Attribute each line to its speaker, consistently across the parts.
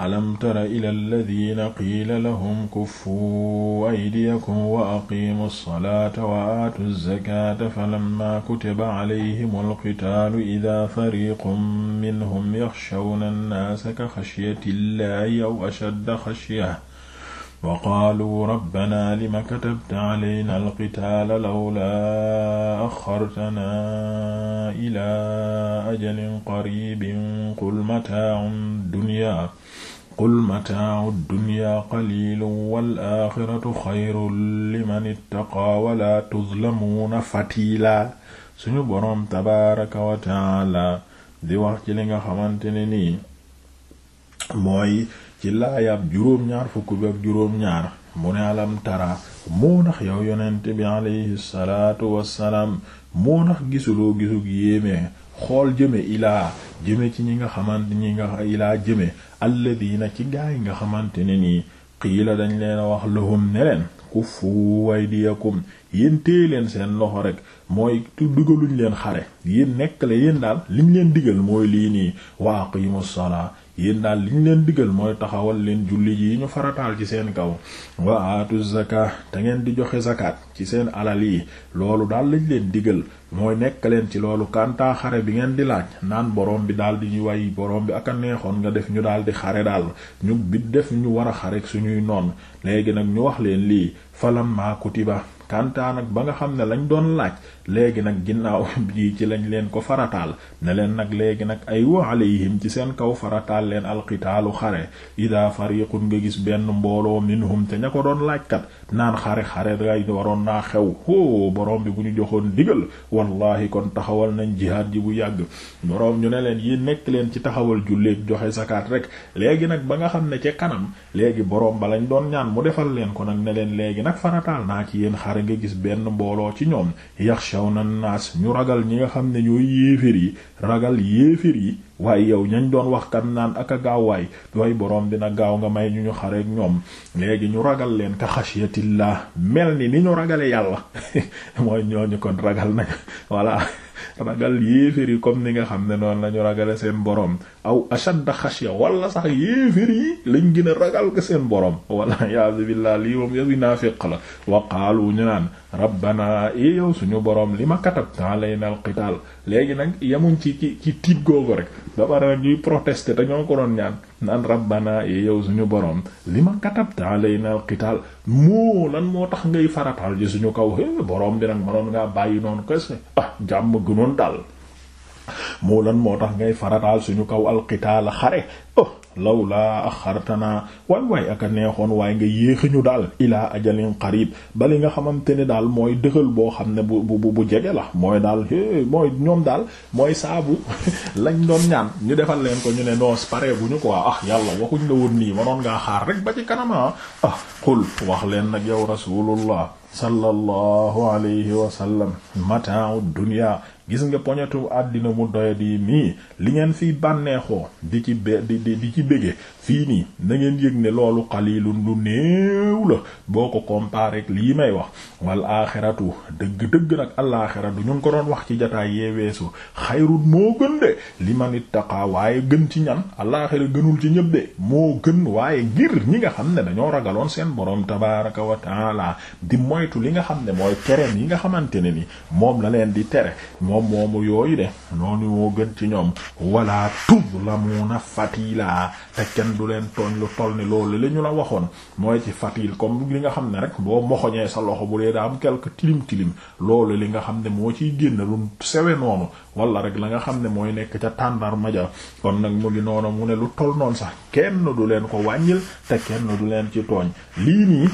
Speaker 1: alam tara ila alladina qiila lahum kuffuu aydiyakum wa aqiimu alsalata wa aatu alzakata falamma kutiba calayhim alqitaalu ida fariqun minhum yaxshawna annaasa ka xashyati illahi aw ashadda xashya wa qaaluu rabbana lima katabta calayna alqitaala lawlaa axartana ila ajalin qaribin qul mataacu dunya qul mataacu dunya qalilu wal axiratu xayrun wala tuzlamuuna fatila suñu boroom tabaaraka wa taala di wax ci li nga xamante ne nii mooy ci laayab juróom-ñaar fukk bi ak juróom-ñaar mu ne alam tara moo yow yonent bi alayhi salaatu wassalaam moo ndax gisuloo gisug yéeme xool jëme ilaa jëme ci ñi nga xamante ñi nga ilaa jëme yi alladina ci yi nga xamante ne nii qiila dañ leen a wax lahum ne leen kuffu waydiyakum yéen téye leen seen loxo rek mooy dugaluñ leen xare yéen nekk la yéen daal liñ leen digal mooy lii nii waaqimu salaa yéen daal li ñu leen digal mooy taxawal leen julli ji yi ñu farataal ci seen kaw wa aatu zaka te ngeen di joxe zakat ci seen alal yi loolu daal lañ leen digal mooy nekk leen ci loolu kàntaa xare bi ngeen di laaj naan boroom bi daal di ñu way borom bi ak a neexoon nga def ñu daal di xare daal ñu bi def ñu war a xare suñuy noon léegi nag ñu wax leen lii falam maa kutiba kantaan ak ba nga xam ne lañ doon laaj léegi nag ginnaaw bi ci lañ leen ko farataal ne leen nag léegi nag ay wa alayhim ci seen kaw farataal leen alqitaalu xare ida fariqun nga gis benn mbooloo minhum te ña ko doon laajkat naan xare xare day waroon naa xew hoo borom bi bu ñu joxoon digal wallahi kon taxawal nañ jihaad ji bu yàgg borom ñu ne leen yi nekk leen ci taxawal julleeg joxe zakat rek léegi nag ba nga xam ne ca kanam léegi borom ba lañ doon ñaan mu defal leen ko nag ne leen léegi nag xare ñaare nga gis benn mbooloo ci ñoom yaxshawna naas ñu ragal ñi nga xam ne ñooy yéefér yi ragal yéefér yi waaye yow ñañ doon wax kan naan ak a gaaw waay way boroom dina gaaw nga may ñu ñu xareek ñoom léegi ñu ragal leen ka xashiyatillah mel ni ni ñu ragale yàlla mooy ñooñu kon ragal nañ voilà ragal yéefér yi comme ni nga xam ne noonu la ñu ragale seen borom aw ashadda xashya walla sax yéefér yi lañ gën a ragal ko seen boroom wala yaasu billah lii moom yasi naafiq la waqaalu ñu naan rabbana i yow suñu borom li ma katabta alayna alqital léegi nag yemuñ ci ci ci tiit googu rek ba pare nag ñuy protester te ñoo ko doon ñaan naan rabbana i yow suñu boroom li ma katabta alayna alqital moo lan moo tax ngay farataal ji suñu kaw borom bi nag mënoon bàyyi noonu kese ah jàmm gënoon moo lan moo tax ngay farataal suñu kaw alqitaal xare oh, lawlaa axartanaa waay waay aka neexoon waaye nga yéexi ñu daal ilaa ajalin qarib bali nga xamante ne daal mooy dëxal boo xam ne bu bu bu jege la mooy daal mooy ñoom daal mooy saabu lañ doon ñaan ñu defal leen ko ñu ne noos pare bu ñu quoi ah yàlla waxuñ la woon nii manoon ngaa xaar rek ba ci kanama ah. ah qul wax leen nag yow rasulullah sallallahu alayhi wa sallam mataa'u dunya gis nga poñetu àddina mu doyadi nii li ngeen fiy bànneexoo di ci be di ci bége fii nii na ngeen yëg ne loolu xaliilun lu néew la boo ko comparé lii may wax wal aaxiratu dëgg-dëgg nag alaaxiratu ñu ngi ko doon wax ci jataay yee weesu xayrun moo gën de li man ittaqa waaye gën ci ñan alaaxira gënul ci ñëpp de moo gën waaye ngir ñi nga xam ne dañoo ragaloon seen borom tabaaraka wa di moytu li nga xam ne mooy tereem yi nga xamante ne ni moom la leen di tere moom moomu yooyu de noonu moo gën ci ñoom wala tuzlamuna fatila te kenn du leen tooñ lu toll ni loolu li ñu la waxoon mooy ci fatil comme li nga xam ne rek boo moxoñee sa loxo bu dee daa am quelque tilim tilim loolu li nga xam ne moo ciy génn lu sewe noonu wala rek la nga xam ne mooy nekk ca tàndarma ja kon nag mu ngi noonu mu ne lu toll noonu sax kenn du leen ko wàññil te kenn du leen ci tooñ lii nii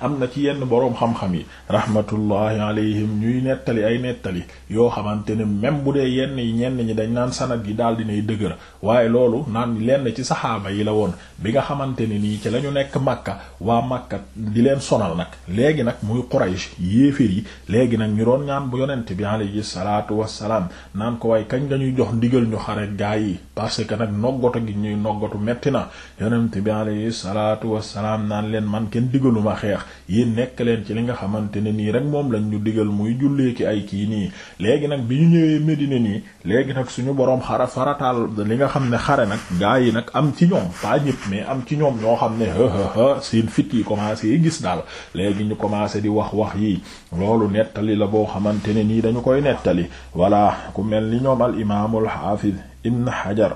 Speaker 1: am na ci yenn boroom xam-xam yi rahmatullahi alayhim ñuy nettali ay nettali yoo xamante ne même bu dee yenn yi ñenn ñi dañ naan sanad yi daal dinay dëgër waaye loolu naan lenn ci saxaaba yi la woon bi nga xamante ne nii ci la ñu nekk Makka waa Makka di leen sonal nag léegi nag muy Quraysh yéefér yi léegi nag ñu doon ñaan bu yonent bi alayhi salaatu wassalaam naan ko waaye kañ nga ñuy jox ndigal ñu xaret gaa yi parce que nag noggoto gi ñuy noggotu metti na yonent bi alayhi salaatu wassalaam naan leen man kenn digaluma xeex yéen nekk leen ci li nga xamante ne nii rek moom lañ ñu digal muy jullee ki ay kii nii léegi nag bi ñu ñëwee Medina nii léegi nag suñu boroom xara farataal li nga xam ne xare nag gaa yi nag am ci ñoom pas ñëpp mais am ci ñoom ñoo xam ne ha seen fit yi commencé gis daal léegi ñu commencé di wax wax yi loolu nettali la boo xamante ne nii dañu koy nettali voilà ku mel ni ñoom al imaamul xaafid ibn Hajar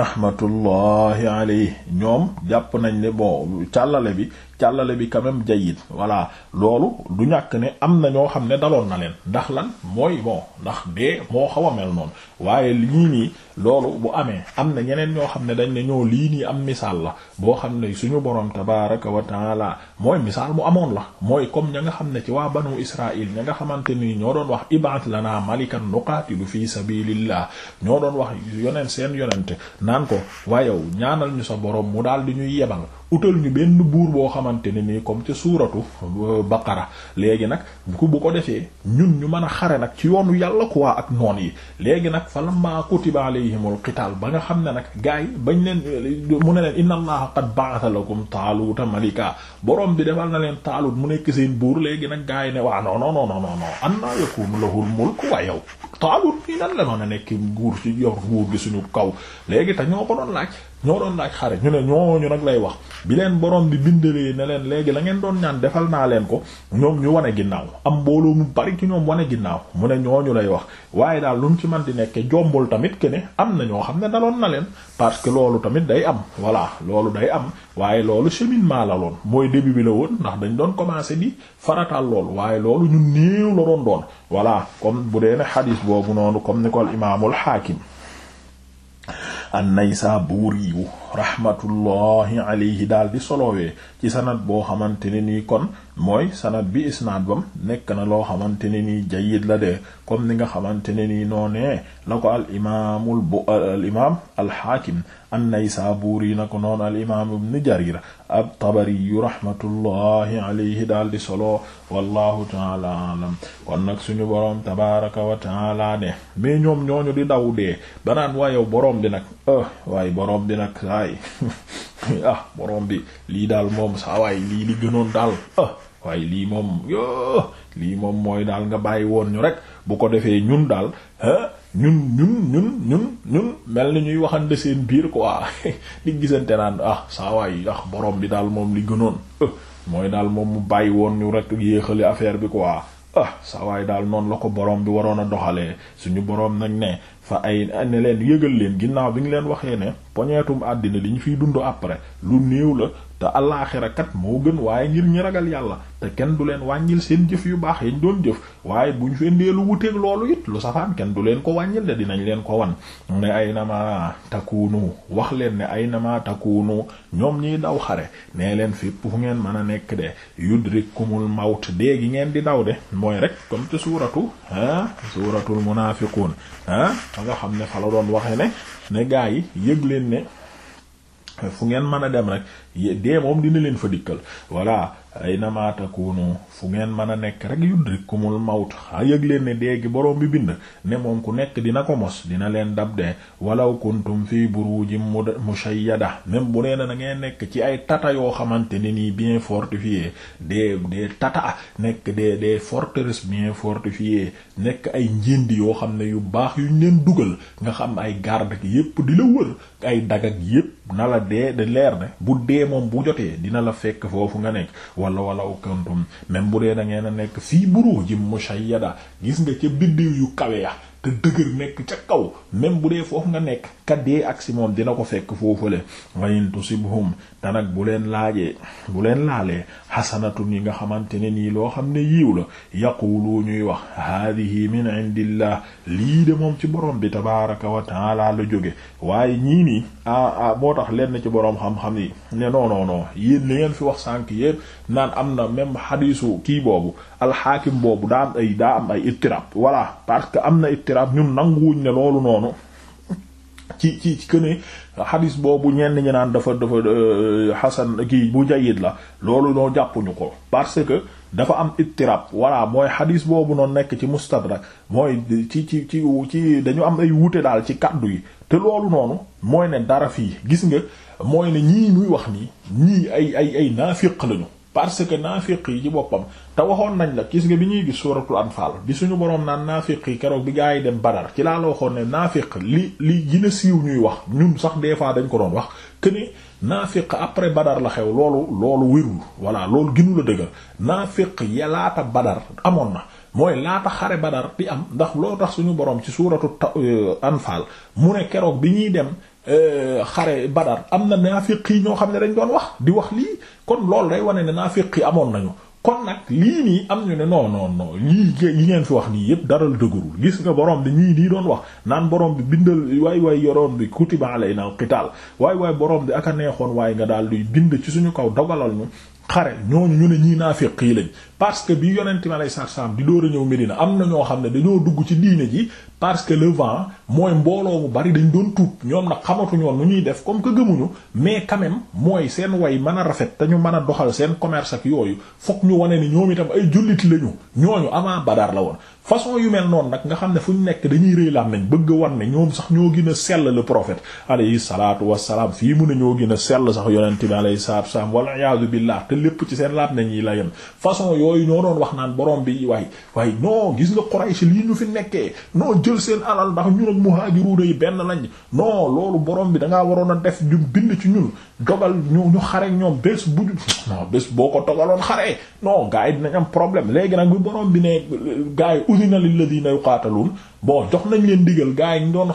Speaker 1: rahmatullahi alayhi ñoom jàpp nañ ne bon càllale bi càllale bi quand même jayid voilà loolu du ñàkk ne am na ñoo xam ne daloon na leen ndax lan mooy bon ndax dee moo xaw a mel noonu waaye lii nii loolu bu amee am na ñeneen ñoo xam ne dañ ne ñoo lii nii am misaal la boo xam ne suñu borom tabaraka wa taala mooy misaal mu amoon la mooy comme ña nga xam ne ci waa banu israil ña nga xamante ni ñoo doon wax ibaat lana malikan nuqaatilu fi sabilillah ñoo doon wax yoneen seen yonente naan ko waayow ñaanal ñu sa borom mu daal di ñuy yebal utal ñu benn buur boo xamante ne nii comme ci suuratu euh, baqara léegi nag ku bu ko defee ñun ñu mën a xare nag ci yoonu yàlla quoi ak noon yi léegi nag fa lamma kutiba alayhimul qital ba nga xam ne nag gars yi bañ leen euh, mu ne leen inna allaha qad ba'atha lakum taaluuta malika borom bi defal na leen taalut mu nekk seen buur léegi nag gars yi ne waa non non non non non anna yakunu lahul mulk wa yow taalut fii nan la noon a nekk buur ci yor buur gi suñu kaw léegi te ñoo ko doon laaj ñoo doon laaj xare ñu ne ñooñu nag lay wax bi leen borom bi bindalee na leen léegi la ngeen doon ñaan defal naa leen ko ñoom ñu wane ginnaaw am mbooloo mu bari ci ñoom wane ginnaaw mu ne ñooñu lay wax waaye daal lu mu ci man di nekkee jombul tamit kene am na ñoo xam ne daloon na leen parce que loolu tamit day am voilà loolu day am waaye loolu cheminement la loon mooy début bi la woon ndax dañu doon commencer bi farataal loolu waaye loolu ñu néew la doon doon bu dee ne boobu noonu comme ni ko al imaamul xaakim an-Naysaburi rahmatullahi alayhi daal di solowee ci sanat boo xamante ne nii kon mooy sanad bi isnaad bam nekk na loo xamante ne nii jayyid la de comme ni nga xamante ne nii noonee la ko al imaamul bu al imaam al xaakim an-Naysaburi na ko noonu al imaam ibn Jarir at-Tabari rahmatullahi alayhi daal di solo wallahu taala alam kon nag suñu boroom tabaraka wa taala ne mais ñoom ñooñu di daw dee banaan waayow boroom bi nag ah waaye boroom bi nag saay ah lii daal waaye lii moom yoo lii moom mooy daal nga bàyyi woon ñu rek bu ko defee ñun daal ñun ñun ñun ñun ñun mel ni ñuy waxande seen biir quoi di gisante naan ah saa waay ah borom bi daal moom li gënoon mooy daal moom mu bàyyi woon ñu rek yéexale affaire bi quoi ah saa daal noonu la ko borom bi waroon a doxalee suñu boroom nag ne. fa ay ne leen yëgal leen ginnaaw bi ñu leen waxee ne poñeetum àddina li ñu fiy dund après lu niiw la te allaaxira kat moo gën waaye ngir ñi ragal yàlla te kenn du leen wàññil seen jëf yu baax yañ doon jëf waaye bu ñu fendee lu wuteeg loolu it lu safaan kenn du leen ko wàññil de dinañ leen ko wan ne ay nama takkuunu wax leen ne ay nama takkuunu ñoom ñi daw xare nee leen fépp fu ngeen mën a nekk de yudrikumul mawt dee gi ngeen di daw de mooy rek comm te suuratu ah suuratul munaafiquun ah fa nga xam ne fa la doon waxee ne ne gaa yi yëg leen ne fu ngeen mën a dem rek dee moom dina leen fa dikkal voilà ay namaatakoonu fu ngeen mën a nekk rek yudrikumul mawt a yëg leen ne dee gi boroom bi bind ne moom ku nekk dina ko mos dina leen dab de walaw kuntum fii mu mushayyada même bu nee na ngeen nekk ci ay tata yoo xamante ne nii bien fortifié des des tata nekk des des forteresses bien fortifiées nekk ay njindi yoo xam ne yu baax yuñ leen dugal nga xam ay garde yépp di la wër ay dagak yépp na la dee de leer ne dee moom bu jotee dina la fekk foofu nga nekk wala wala ukantum même bu dee da ngeen a nekk fii buruujim mushayyada gis nga ca biddiw yu kawe ya te dëgër nekk ca kaw même bu dee foofu nga nekk kaddee ak si moom dina ko fekk foofu foofule wayin tusibhum te nag bu leen laajee bu leen laalee xasanatun yi nga xamante ne nii loo xam ne yiiw la yaqulu ñuy wax haadihi min indillah lii de moom ci borom bi tabaraka wa taala la jóge waaye ñii nii moo tax lenn ci borom xam yi ne non non fi wax sànk yépp naan am na même xadiisu kii boobu alxaakim boobu daa am ay daa am parce que am na ittirab iraab ñun nanguwuñ ne loolu noonu ci ci ci këne xadis boobu ñenn ñi naan dafa dafa xasan euh, kii bu jayid la loolu noo jàppuñu ko parce que dafa am ittirab voilà mooy xadis boobu noonu nekk ci mustadrak mooy ci ci ci ci dañu am ay wuute daal ci kàddu yi te loolu noonu mooy ne dara fii gis nga mooy ne ñii muy wax nii ñii ay ay ay naafiq lañu parce que naafiq yi ci boppam te waxoon nañ la gis nga bi ñuy gis suuratul anfaal bi suñu boroom naan naafiq yi keroog bi gaa yi dem badar ci laa la waxoon ne naafiq li li gën a siiw ñuy wax ñun sax des fois dañ ko doon wax que ne naafiq après badar la xew loolu loolu wérul voilà loolu gënu la dëggal naafiq ya laata badar amoon na mooy laata xare badar di am ndax loo tax suñu boroom ci suuratu euh, anfaal mu ne keroog bi ñuy dem Euh, xare Badar am na naafiq yi ñoo xam ne dañ doon wax di wax lii kon loolu day wane ne naafiq yi amoon nañu kon nag lii nii am ñu ne non noon ñii lii ñi ngeen fi wax nii yépp daral dëgërul gis nga borom bi ñii nii doon wax naan borom bi bindal waaye waay yoroon bi kutiba alayna al qital waay waaye borom bi ak a neexoon waaye nga daal di bind ci suñu kaw dogalal ñu xare ñooñu ñu ne ñii naafiq yi lañ parce que bi yonente mi alay satu salaam di door a ñëw am na ñoo xam ne dañoo dugg ci diine ji parce que le vent mooy mbooloo mu bari dañ doon tuub ñoom nag xamatuñu nu ñuy def comme que gëmuñu mais quand même mooy seen way mën a rafet te ñu mën a doxal seen commerce ak yooyu fokk ñu wane ni ñoom itam ay jullit lañu ñooñu avant Badar la woon façon yu mel noonu nag nga xam ne fu ñu nekk dañuy rëy laam nañ bëgg wan ne ñoom sax ñoo gën a sell le prophète alayhi salaatu wassalaam fii mu ne ñoo gën sax yonent bi alayhi salaatu wassalaam wal iyaadu billah te lépp ci seen laam nañ yi la yem façon yooyu ñoo doon wax naan borom bi waay waay non jël seen alal ndax ñu ñun ak muhaajiruuna yi benn nañ lañ non loolu borom bi da waroon a def ñu bind ci ñun dogal ñu ñu xare ñoom bés bu non bés boo ko dogaloon xare non gars yi dinañ problème léegi nag bi borom bi ne gars yi udina lilladina yuqaataluun bon jox nañ leen digal gars yi ñu doon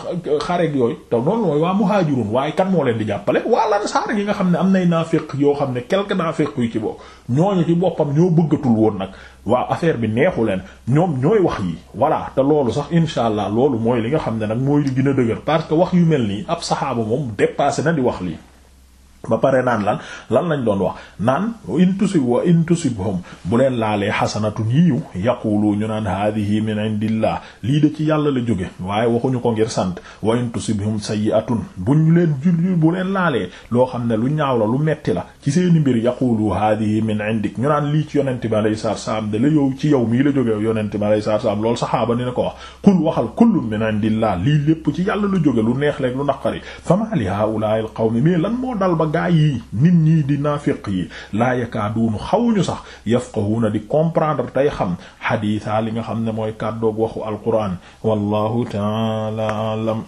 Speaker 1: xareeg yooyu te noonu mooy waa muhaajirun waaye kan moo leen di jàppale waa lansaar yi nga xam ne am nay naaféq yoo xam ne quelque naaféq yu ci bopp ñooñu ci boppam ñoo bëggatul woon nag waa affaire bi neexu leen ñoom ñooy wax yi voilà te loolu sax insha allah loolu mooy li nga xam ne nag mooy li gën a dëgër parce que wax yu mel nii ab saxaaba moom dépassé na di wax lii ba pare naan lan lan lañ doon wax naan in tusib wa in tusibhum bu leen laalee xasanatun yiiw yaqulu ñu naan haadihi min indillah lii de ci yàlla la jóge waaye waxuñu ko ngir sant wa in tusibhum sayyi'atun bu ñu leen jul bu leen laalee loo xam ne lu ñaaw la lu metti la ci seeni mbir yaqulu haadihi min indik ñu naan lii ci yonente bi alayhi salaatu salaam de la yow ci yow mii la jóge yonente bi alayhi lool salaam loolu saxaaba ni na ko wax kul waxal kullu min indillah lii lépp ci yàlla la jóge lu neex leeg lu naqari gaa yi nit ñi di naafiq yi laa yakaaduunu xawuñu sax yafqahuuna di comprendre tey xam xadiisaa li nga xam ne mooy kàddoog waxu alquran wallahu taala alam